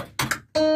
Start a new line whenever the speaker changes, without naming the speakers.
お